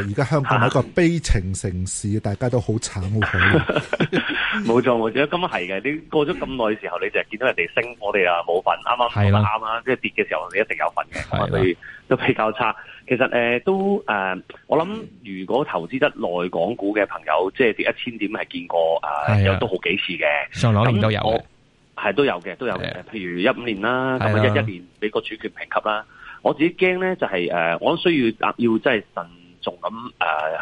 而家香港係一個悲情城市，大家都好慘。冇錯，冇錯，咁係嘅。你過咗咁耐嘅時候，你就係見到人哋升，我哋啊冇份。啱啱講得啱啦，即係跌嘅時候，你一定有份嘅。係都比較差。其實誒都誒，我諗如果投資得內港股嘅朋友，即係跌一千點係見過啊，有都好幾次嘅。上兩年都有，係都有嘅，都有嘅。譬如一五年啦，咁一一年美國主權評級啦。我自己驚咧就係誒，我需要要真係仲咁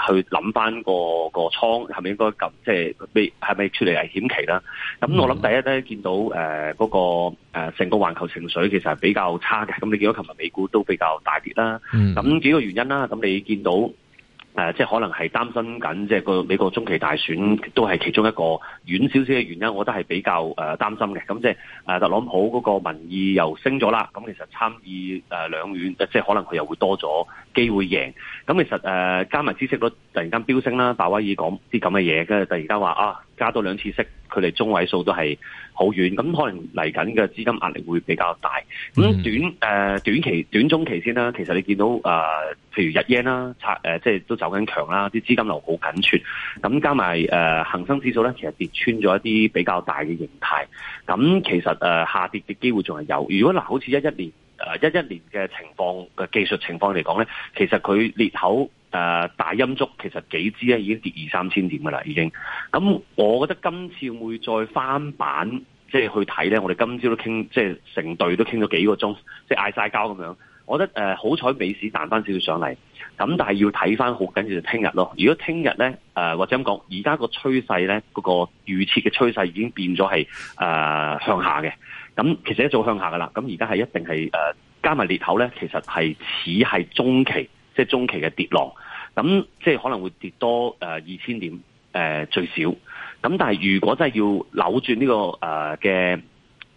誒去諗翻個個倉係咪應該咁即係係咪處理危險期啦？咁、嗯、我諗第一咧見到誒嗰、呃嗰個成、呃、個環球情緒其實係比較差嘅，咁你見到琴日美股都比較大跌啦，咁、嗯、幾個原因啦，咁你見到。誒、呃，即係可能係擔心緊，即係個美國中期大選都係其中一個遠少少嘅原因，我都係比較誒擔心嘅。咁、嗯、即係誒特朗普嗰個民意又升咗啦，咁、嗯、其實參議、呃、兩院，即係可能佢又會多咗機會贏。咁、嗯、其實誒、呃、加埋孳息率突然間飆升啦，鮑威爾講啲咁嘅嘢，跟住突然間話啊，加多兩次息。佢哋中位數都係好遠，咁可能嚟緊嘅資金壓力會比較大。咁短誒、呃、短期、短中期先啦。其實你見到誒、呃，譬如日 yen 啦，拆、呃、誒即係都走緊強啦，啲資金流好緊缺。咁加埋誒恆生指數咧，其實跌穿咗一啲比較大嘅形態。咁其實誒、呃、下跌嘅機會仲係有。如果嗱，好似一一年誒一一年嘅情況嘅技術情況嚟講咧，其實佢裂口。誒，uh, 大陰燭其實幾支咧，已經跌二三千點噶啦，已經。咁我覺得今次會再翻版，即係去睇咧。我哋今朝都傾，即係成隊都傾咗幾個鐘，即係嗌晒交咁樣。我覺得誒，呃、好彩美市彈翻少少上嚟。咁但係要睇翻好緊要，就聽日咯。如果聽日咧，誒、呃、或者咁講，而家個趨勢咧，嗰個預設嘅趨勢已經變咗係誒向下嘅。咁其實一早向下噶啦。咁而家係一定係誒、呃、加埋裂口咧，其實係似係中期。即係中期嘅跌浪，咁即係可能會跌多誒二千點誒、呃、最少。咁但係如果真係要扭轉呢、這個誒嘅、呃、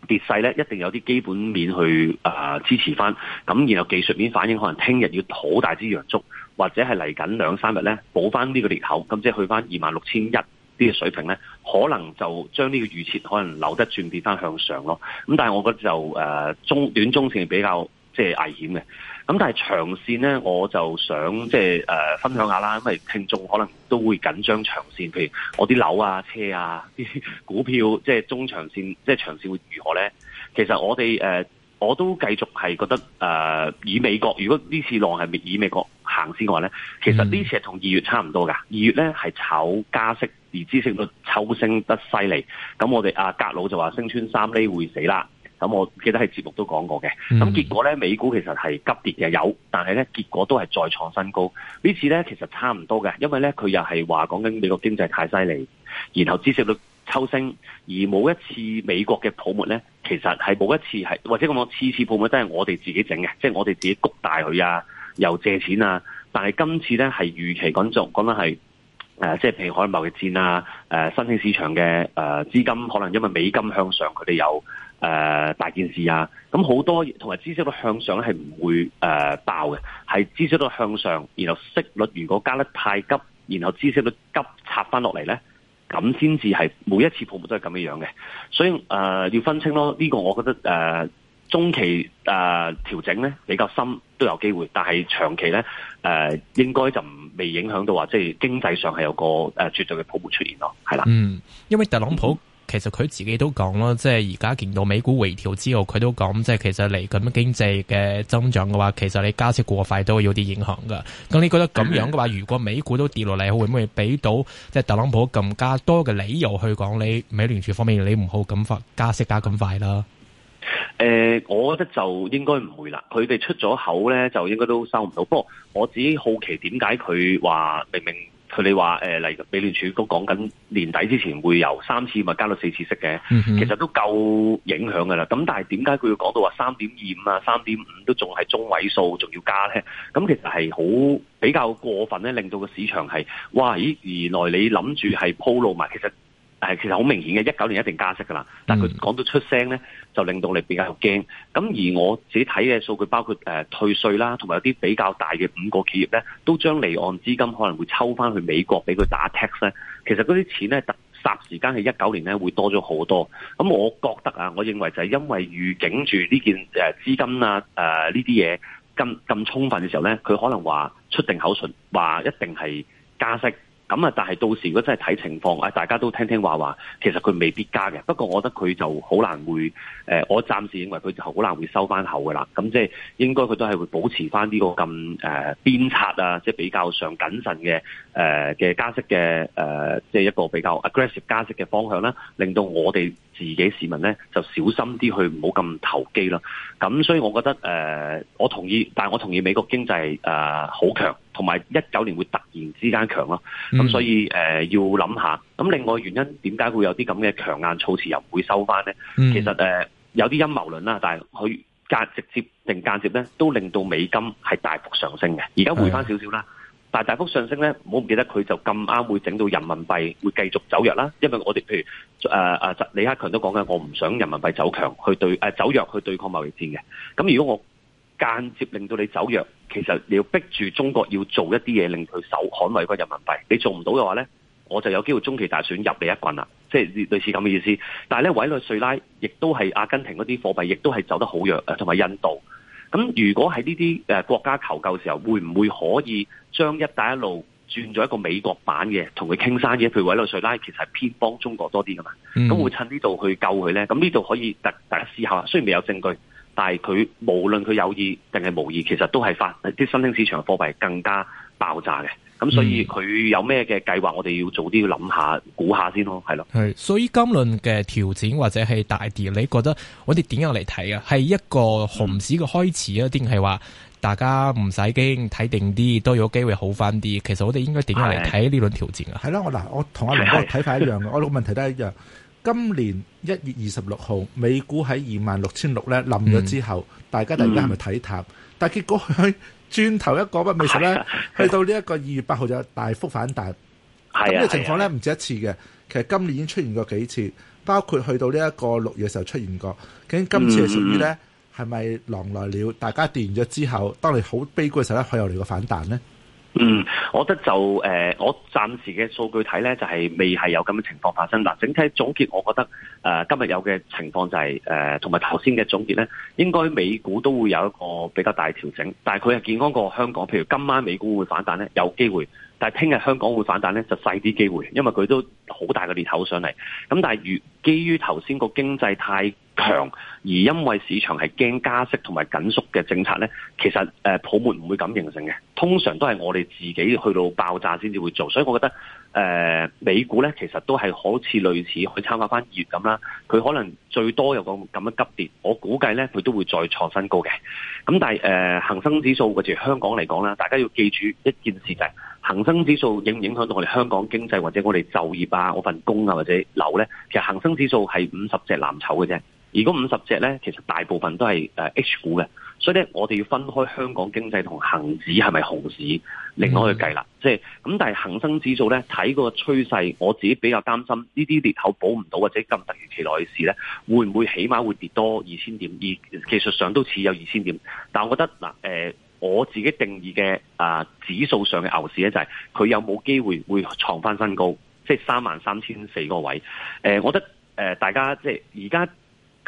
跌勢咧，一定有啲基本面去誒、呃、支持翻。咁然後技術面反應可能聽日要好大支陽燭，或者係嚟緊兩三日咧補翻呢個裂口，咁即係去翻二萬六千一啲嘅水平咧，可能就將呢個預設可能扭得轉跌翻向上咯。咁但係我覺得就誒、呃、中短中線比較即係危險嘅。咁但係長線咧，我就想即係誒分享下啦，因為聽眾可能都會緊張長線，譬如我啲樓啊、車啊、啲股票，即係中長線，即係長線會如何咧？其實我哋誒、呃、我都繼續係覺得誒、呃、以美國，如果呢次浪係以美國行先嘅話咧，其實呢次係同二月差唔多㗎。二、嗯、月咧係炒加息而息率抽升得犀利，咁我哋阿格佬就話升穿三厘會死啦。咁我記得喺節目都講過嘅，咁結果咧美股其實係急跌嘅有，但係咧結果都係再創新高。呢次咧其實差唔多嘅，因為咧佢又係話講緊美國經濟太犀利，然後孳息率抽升，而每一次美國嘅泡沫咧，其實係每一次係，或者我次次泡沫都係我哋自己整嘅，即係我哋自己谷大佢啊，又借錢啊。但係今次咧係預期咁做，講緊係誒，即係譬如海貿嘅戰啊，誒新興市場嘅誒資金可能因為美金向上，佢哋有。誒、呃，大件事啊，咁好多同埋孳息率向上咧，係唔會誒爆嘅，係孳息率向上，然後息率如果加得太急，然後孳息率急插翻落嚟咧，咁先至係每一次泡沫都係咁樣樣嘅，所以誒、呃、要分清咯，呢、這個我覺得誒、呃、中期誒、呃、調整咧比較深都有機會，但係長期咧誒、呃、應該就未影響到話即係經濟上係有個誒、呃、絕對嘅泡沫出現咯，係啦，嗯，因為特朗普。其實佢自己都講咯，即係而家見到美股回調之後，佢都講，即係其實嚟緊經濟嘅增長嘅話，其實你加息過快都會有啲影響噶。咁你覺得咁樣嘅話，如果美股都跌落嚟，會唔會俾到即係特朗普咁加多嘅理由去講你美聯儲方面你唔好咁加息加咁快啦？誒、呃，我覺得就應該唔會啦。佢哋出咗口呢，就應該都收唔到。不過我自己好奇點解佢話明明。佢哋話誒，例如、呃、美聯儲都講緊年底之前會由三次咪加到四次息嘅，其實都夠影響㗎啦。咁但係點解佢要講到話三點二五啊、三點五都仲係中位數，仲要加咧？咁其實係好比較過分咧，令到個市場係哇咦！原來你諗住係鋪路埋，其實。其實好明顯嘅，一九年一定加息噶啦。但係佢講到出聲咧，就令到你比較驚。咁而我自己睇嘅數據，包括誒退稅啦，同埋有啲比較大嘅五個企業咧，都將離岸資金可能會抽翻去美國俾佢打 tax 咧。其實嗰啲錢咧，霎霎時間係一九年咧會多咗好多。咁我覺得啊，我認為就係因為預警住呢件誒資金啊誒呢啲嘢咁咁充分嘅時候咧，佢可能話出定口信，話一定係加息。咁啊！但係到時如果真係睇情況，啊，大家都聽聽話話，其實佢未必加嘅。不過，我覺得佢就好難會、呃、我暫時認為佢就好難會收翻口嘅啦。咁即係應該佢都係會保持翻呢個咁誒、呃、鞭策啊，即、就、係、是、比較上謹慎嘅誒嘅加息嘅誒，即、呃、係、就是、一個比較 aggressive 加息嘅方向啦，令到我哋自己市民咧就小心啲去，唔好咁投機啦。咁所以，我覺得誒、呃，我同意，但係我同意美國經濟誒好、呃、強。同埋一九年會突然之間強咯，咁所以誒要諗下。咁另外原因點解會有啲咁嘅強硬措辭又唔會收翻咧？其實誒有啲陰謀論啦，但係佢間直接定間接咧，都令到美金係大幅上升嘅。而家回翻少少啦，但係大幅上升咧，唔好唔記得佢就咁啱會整到人民幣會繼續走弱啦。因為我哋譬如誒誒李克強都講緊，我唔想人民幣走強去對誒走弱去對抗貿易戰嘅。咁如果我間接令到你走弱，其實你要逼住中國要做一啲嘢，令佢守捍衞個人民幣。你做唔到嘅話呢，我就有機會中期大選入你一棍啦，即係類似咁嘅意思。但係咧，委內瑞拉亦都係阿根廷嗰啲貨幣，亦都係走得好弱，同埋印度。咁如果喺呢啲國家求救時候，會唔會可以將一帶一路轉做一個美國版嘅同佢傾生意？譬如委內瑞拉其實係偏幫中國多啲嘅嘛，咁會趁呢度去救佢呢？咁呢度可以大家思考下，雖然未有證據。但係佢無論佢有意定係無意，其實都係發啲新興市場嘅貨幣更加爆炸嘅。咁、嗯、所以佢有咩嘅計劃，我哋要早啲要諗下、估下先咯，係咯。係所以今輪嘅調整或者係大跌，你覺得我哋點樣嚟睇啊？係一個熊市嘅開始啊，定係話大家唔使驚，睇定啲都有機會好翻啲。其實我哋應該點樣嚟睇呢輪調整啊？係咯的，我嗱我同阿龍哥睇法一樣嘅，的我兩個問題都係一樣。今年一月二十六號，美股喺二萬六千六咧冧咗之後，嗯、大家突然間係咪睇淡？嗯、但結結果佢 轉頭一個不未實咧，哎、呀去到呢一個二月八號就大幅反彈。咁嘅、哎、呀情況咧唔、哎、呀止一次嘅，其實今年已經出現過幾次，包括去到呢一個六月嘅時候出現過。究竟今次係屬於咧係咪狼來了？大家跌完咗之後，當你好悲觀嘅時候咧，佢又嚟個反彈咧？嗯，我覺得就誒、呃，我暫時嘅數據睇呢，就係、是、未係有咁嘅情況發生。嗱，整體總結，我覺得誒、呃、今日有嘅情況就係、是、誒，同埋頭先嘅總結呢，應該美股都會有一個比較大調整。但係佢係健康過香港，譬如今晚美股會反彈呢，有機會。但係聽日香港會反彈呢，就細啲機會，因為佢都好大嘅裂口上嚟。咁但係如基於頭先個經濟太。強，而因為市場係驚加息同埋緊縮嘅政策呢，其實誒、啊、泡沫唔會咁形成嘅。通常都係我哋自己去到爆炸先至會做，所以我覺得誒、呃、美股呢，其實都係好似類似去參考翻二月咁啦。佢可能最多有個咁樣急跌，我估計呢，佢都會再創新高嘅。咁但係誒恒生指數或者香港嚟講啦，大家要記住一件事就係、是、恒生指數影唔影響到我哋香港經濟或者我哋就業啊、我份工啊或者樓呢，其實恒生指數係五十隻藍籌嘅啫。如果五十隻咧，其實大部分都係誒 H 股嘅，所以咧我哋要分開香港經濟同恒指係咪熊市，嗯、另外去計啦。即係咁，但係恒生指數咧睇個趨勢，我自己比較擔心呢啲裂口補唔到，或者咁突如其來嘅事咧，會唔會起碼會跌多二千點？而技術上都似有二千點。但係我覺得嗱誒、呃，我自己定義嘅啊、呃、指數上嘅牛市咧，就係、是、佢有冇機會會創翻新高，即係三萬三千四嗰個位。誒、呃，我覺得誒、呃、大家即係而家。現在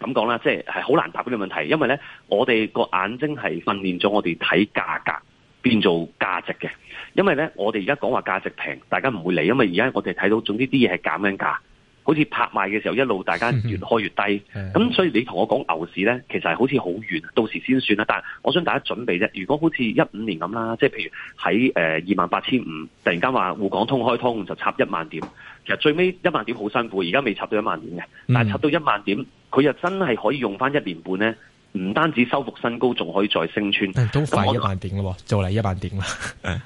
咁講啦，即係好難答呢個問題，因為咧，我哋個眼睛係訓練咗我哋睇價格變做價值嘅，因為咧，我哋而家講話價值平，大家唔會嚟，因為而家我哋睇到總之啲嘢係減緊價。好似拍賣嘅時候，一路大家越開越低，咁、嗯嗯、所以你同我講牛市呢，其實係好似好遠，到時先算啦。但係我想大家準備啫。如果好似一五年咁啦，即係譬如喺二萬八千五，呃、28, 500，突然間話滬港通開通就插一萬點，其實最尾一萬點好辛苦，而家未插到一萬點嘅，但係插到一萬點，佢又真係可以用翻一年半呢。唔單止收復新高，仲可以再升穿，都快一萬點咯，嗯、做嚟一萬點啦。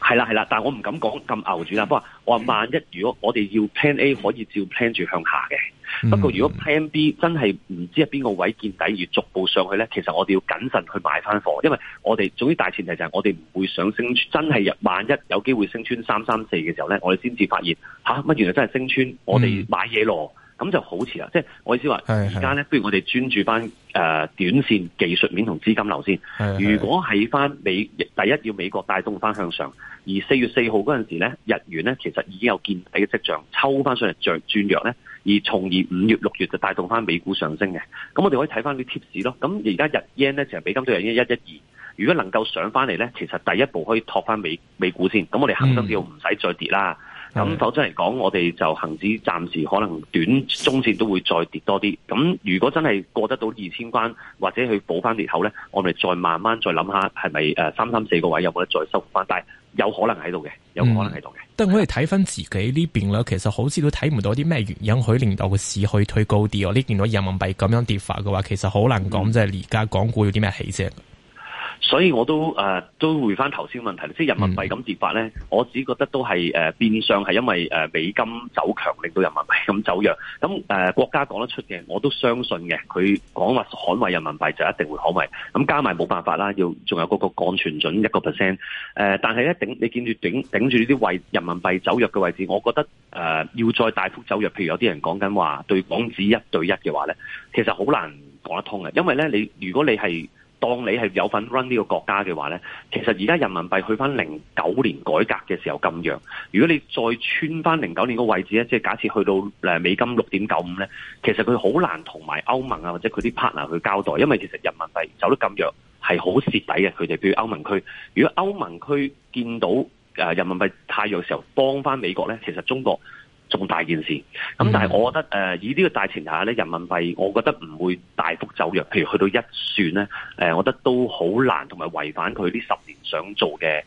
係啦係啦，但我唔敢講咁牛住啦。不過我話萬一如果我哋要 plan A，可以照 plan 住向下嘅。不過如果 plan B 真係唔知係邊個位見底而逐步上去咧，其實我哋要謹慎去買翻貨，因為我哋總之大前提就係我哋唔會想升穿，真係萬一有機會升穿三三四嘅時候咧，我哋先至發現吓，乜、啊、原來真係升穿，我哋買嘢咯。嗯咁就好遲啦，即係我意思話，而家咧，不如我哋專注翻誒短線技術面同資金流先。如果係翻美，第一要美國帶動翻向上，而四月四號嗰陣時咧，日元咧其實已經有見底嘅跡象，抽翻上嚟著轉弱咧，而從而五月六月就帶動翻美股上升嘅。咁我哋可以睇翻啲貼士咯。咁而家日 yen 咧就係美金對有一一一二，如果能夠上翻嚟咧，其實第一步可以托翻美美股先。咁我哋肯定叫唔使再跌啦。嗯咁、嗯嗯、否則嚟講，我哋就恆指暫時可能短中線都會再跌多啲。咁如果真係過得到二千關，或者去補翻裂口咧，我哋再慢慢再諗下，係咪三三四個位有冇得再收復翻？但係有可能喺度嘅，有可能喺度嘅。但係我哋睇翻自己呢邊咧，其實好似都睇唔到啲咩原因，可以令到個市可以推高啲。我呢見到人民幣咁樣跌法嘅話，其實好難講，即係而家港股有啲咩起色。嗯所以我都誒、呃、都回翻頭先問題即係人民幣咁跌法咧，嗯、我自己覺得都係、呃、變相係因為誒、呃、美金走強令到人民幣咁走弱，咁、嗯、誒、呃、國家講得出嘅，我都相信嘅，佢講話捍衛人民幣就一定會捍衛。咁、嗯、加埋冇辦法啦，要仲有嗰個降存準一個 percent，但係咧頂你見住頂住呢啲位人民幣走弱嘅位置，我覺得誒、呃、要再大幅走弱，譬如有啲人講緊話對港紙一對一嘅話咧，其實好難講得通嘅，因為咧你如果你係。當你係有份 run 呢個國家嘅話呢，其實而家人民幣去翻零九年改革嘅時候咁弱，如果你再穿翻零九年個位置呢，即係假設去到誒美金六點九五呢，其實佢好難同埋歐盟啊或者佢啲 partner 去交代，因為其實人民幣走得咁弱係好蝕底嘅，佢哋譬如歐盟區，如果歐盟區見到誒人民幣太弱嘅時候幫翻美國呢，其實中國。重大件事，咁但係我覺得誒、呃，以呢個大前提下咧，人民幣我覺得唔會大幅走弱，譬如去到一算咧，誒、呃，我覺得都好難，同埋違反佢呢十年想做嘅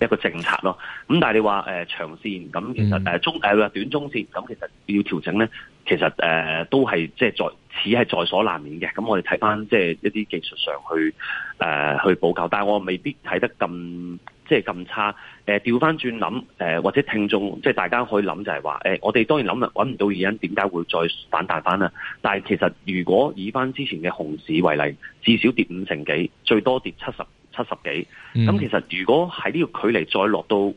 一個政策咯。咁但係你話、呃、長線，咁其實誒、呃、中、呃、短中線，咁其實要調整咧，其實誒、呃、都係即係在，此係在所難免嘅。咁我哋睇翻即係一啲技術上去誒、呃、去補救，但係我未必睇得咁。即係咁差，誒掉翻轉諗，誒或者聽眾，即係大家可以諗就係話，誒我哋當然諗唔搵唔到原因，點解會再反彈翻啦？但係其實如果以翻之前嘅熊市為例，至少跌五成幾，最多跌七十七十幾，咁、嗯、其實如果喺呢個距離再落到。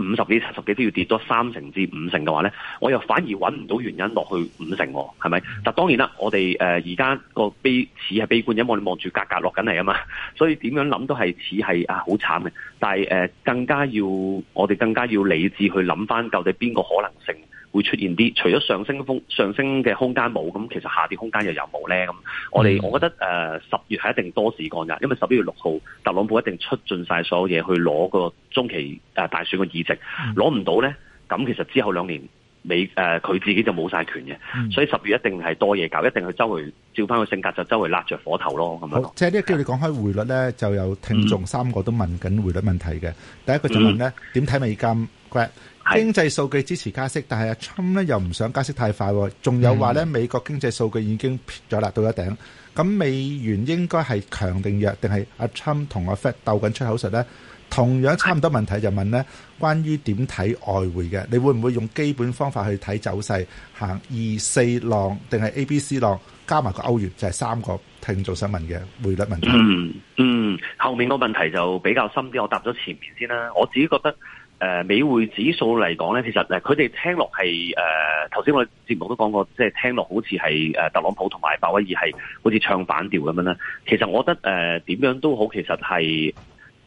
五十幾、七十幾都要跌咗三成至五成嘅話咧，我又反而揾唔到原因落去五成，係咪？但當然啦，我哋誒而家個悲似係悲觀，因為我哋望住價格落緊嚟啊嘛，所以點樣諗都係似係啊好慘嘅。但係，呃，更加要我哋更加要理智去諗翻究竟邊個可能性。會出現啲除咗上升風上升嘅空間冇咁，其實下跌空間又有冇咧？咁我哋、嗯、我覺得誒十、呃、月係一定多事幹㗎，因為十一月六號特朗普一定出盡晒所有嘢去攞個中期、呃、大選嘅議席，攞唔、嗯、到咧，咁其實之後兩年美誒佢、呃、自己就冇晒權嘅，嗯、所以十月一定係多嘢搞，一定去周圍照翻個性格就周圍焫着火頭咯。咁好即係呢叫你講開匯率咧，的就有聽眾三個都問緊匯率問題嘅。嗯、第一個就問咧點睇美金？嗯經濟數據支持加息，但係阿侵咧又唔想加息太快，仲有話咧美國經濟數據已經撇咗啦，到一頂。咁美元應該係強定弱，定係阿侵同阿 Fed 鬥緊出口實咧？同樣差唔多問題就問咧，關於點睇外匯嘅，你會唔會用基本方法去睇走勢，行二四浪定係 A B C 浪，加埋個歐元就係、是、三個聽眾想問嘅匯率問題。嗯，嗯，後面個問題就比較深啲，我答咗前面先啦。我自己覺得。誒美匯指數嚟講咧，其實誒佢哋聽落係誒頭先我節目都講過，即係聽落好似係特朗普同埋鮑威爾係好似唱反調咁樣啦。其實我覺得誒點樣都好，其實係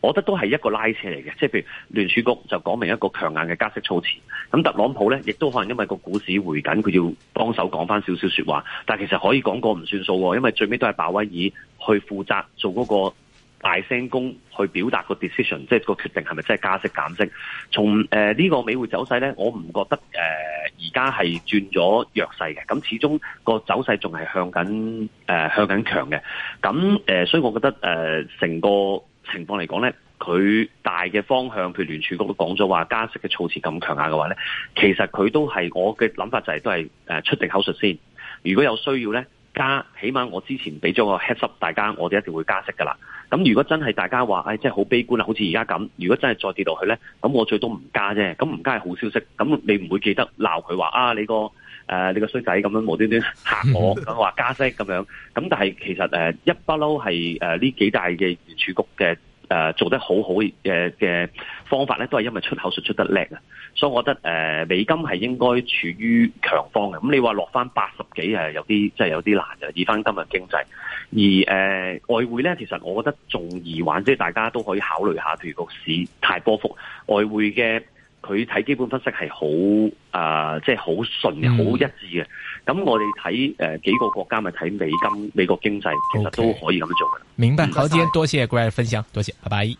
我覺得都係一個拉扯嚟嘅，即係譬如聯儲局就講明一個強硬嘅加息措辭，咁特朗普咧亦都可能因為個股市回緊，佢要幫手講翻少少說話，但其實可以講過唔算數喎，因為最尾都係鮑威爾去負責做嗰個。大聲公去表達個 decision，即係個決定係咪真係加息減息？從誒呢個美匯走勢咧，我唔覺得誒而家係轉咗弱勢嘅。咁始終個走勢仲係向緊、呃、向緊強嘅。咁誒、呃，所以我覺得誒成、呃、個情況嚟講咧，佢大嘅方向，譬如聯儲局都講咗話加息嘅措辭咁強硬嘅話咧，其實佢都係我嘅諗法就係、係、都係出定口述先。如果有需要咧，加起碼我之前俾咗個 heads up，大家我哋一定會加息㗎喇。咁如果真係大家話，唉、哎，真係好悲觀啦，好似而家咁。如果真係再跌落去呢，咁我最多唔加啫。咁唔加係好消息。咁你唔會記得鬧佢話啊，你個誒、呃、你個衰仔咁樣無端端嚇我，咁話 加息咁樣。咁但係其實、呃、一不嬲係呢幾大嘅儲局嘅。誒、呃、做得好好嘅嘅方法咧，都係因為出口術出得叻啊，所以我覺得誒、呃、美金係應該處於強方嘅。咁、嗯、你話落翻八十幾誒，有啲即係有啲難嘅。以翻今日經濟，而誒、呃、外匯咧，其實我覺得仲易玩，即係大家都可以考慮一下，譬如個市太波幅，外匯嘅。佢睇基本分析係好誒，即係好順、好一致嘅。咁、嗯、我哋睇誒幾個國家，咪睇美金、美國經濟，其實都可以咁樣做嘅。Okay. 明白，好，今天多謝 Gary 分享，多謝，拜拜。